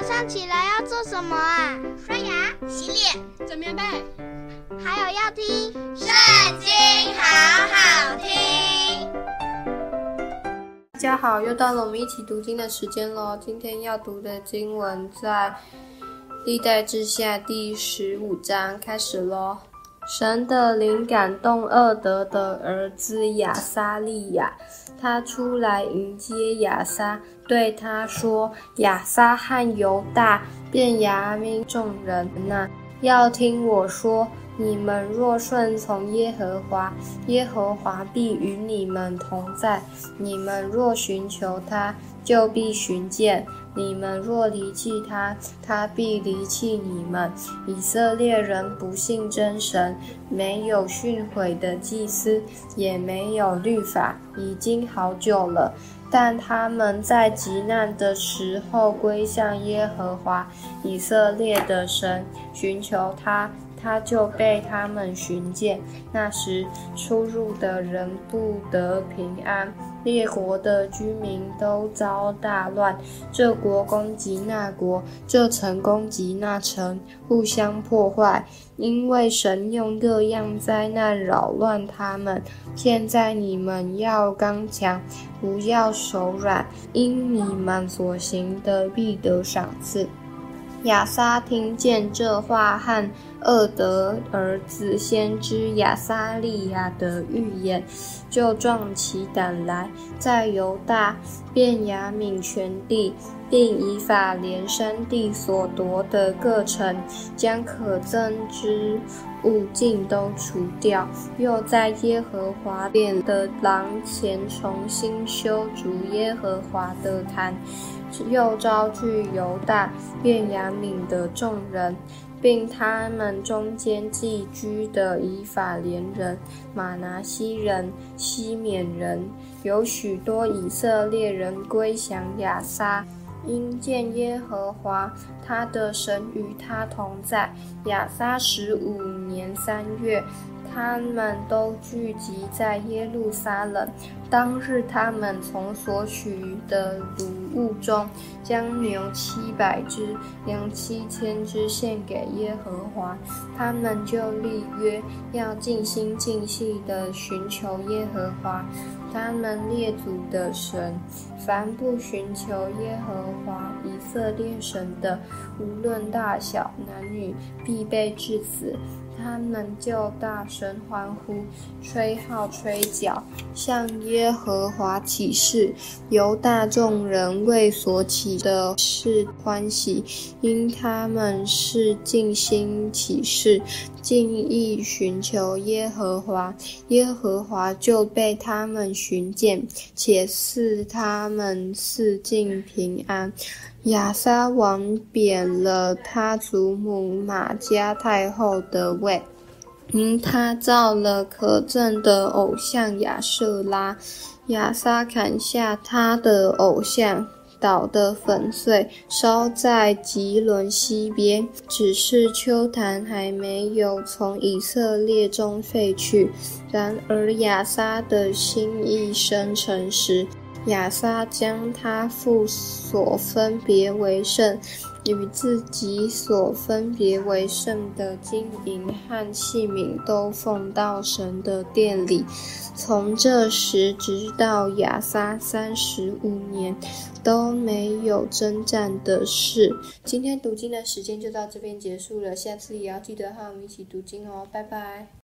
早上起來要做什麼啊？刷牙、洗臉、整棉被，還有要聽《聖經》，好好聽。大家好，又到了我們一起讀經的時間嘍。今天要讀的經文在《歷代志下》第十五章開始嘍。神的靈感動，俄德的兒子亞撒利雅。他出來迎接亞撒，對他說：“亞撒和猶大、便雅憫眾人吶、啊，要聽我說。”你們若順從耶和華，耶和華必與你們同在；你們若尋求他，就必尋見；你們若離棄他，他必離棄你們。以色列人不信真神，沒有訓誨的祭司，也沒有律法，已經好久了。但他們在急難的時候歸向耶和華以色列的神，尋求他。他就被他們尋見，那時出入的人不得平安，列國的居民都遭大亂，這國攻擊那國，這城攻擊那城，互相破壞，因為神用各樣災難擾亂他們。現在你們要剛強，不要手軟，因你們所行的必得賞賜。亞撒聽見這話和。俄德兒子先知亞撒利雅的預言，就壯起膽來，在猶大便雅憫全地，並以法蓮山地所奪的各城，將可憎之物盡都除掉。又在耶和華殿的廊前重新修築耶和華的壇，又招聚猶大便雅憫的眾人。並他們中間寄居的以法蓮人、馬拿西人、西緬人，有許多以色列人歸降亞撒。因見耶和華，他的神與他同在。亞撒十五年三月，他們都聚集在耶路撒冷。當日，他們從所取的擄物中，將牛七百隻、羊七千隻獻給耶和華。他們就立約，要盡心盡性地尋求耶和華。他們列祖的神，凡不尋求耶和華以色列神的，無論大小男女，必被治死。他們就大聲歡呼，吹號吹角，向耶和華起誓。猶大眾人為所起的誓歡喜，因他們是盡心起誓，盡意尋求耶和華，耶和華就被他們尋見，且賜他們四境平安。亞撒王貶了他祖母瑪迦太後的位。因、嗯，他造了可憎的偶像亞舍拉。亞撒砍下他的偶像，搗得粉碎，燒在汲淪溪邊。只是邱壇還沒有從以色列中廢去，然而亞撒的心一生誠實。亞撒將他父所分別為聖，與自己所分別為聖的金銀和器皿都奉到神的殿裡。從這時直到亞撒三十五年，都沒有爭戰的事。今天讀經的時間就到這邊結束了，下次也要記得和我們一起讀經哦，拜拜。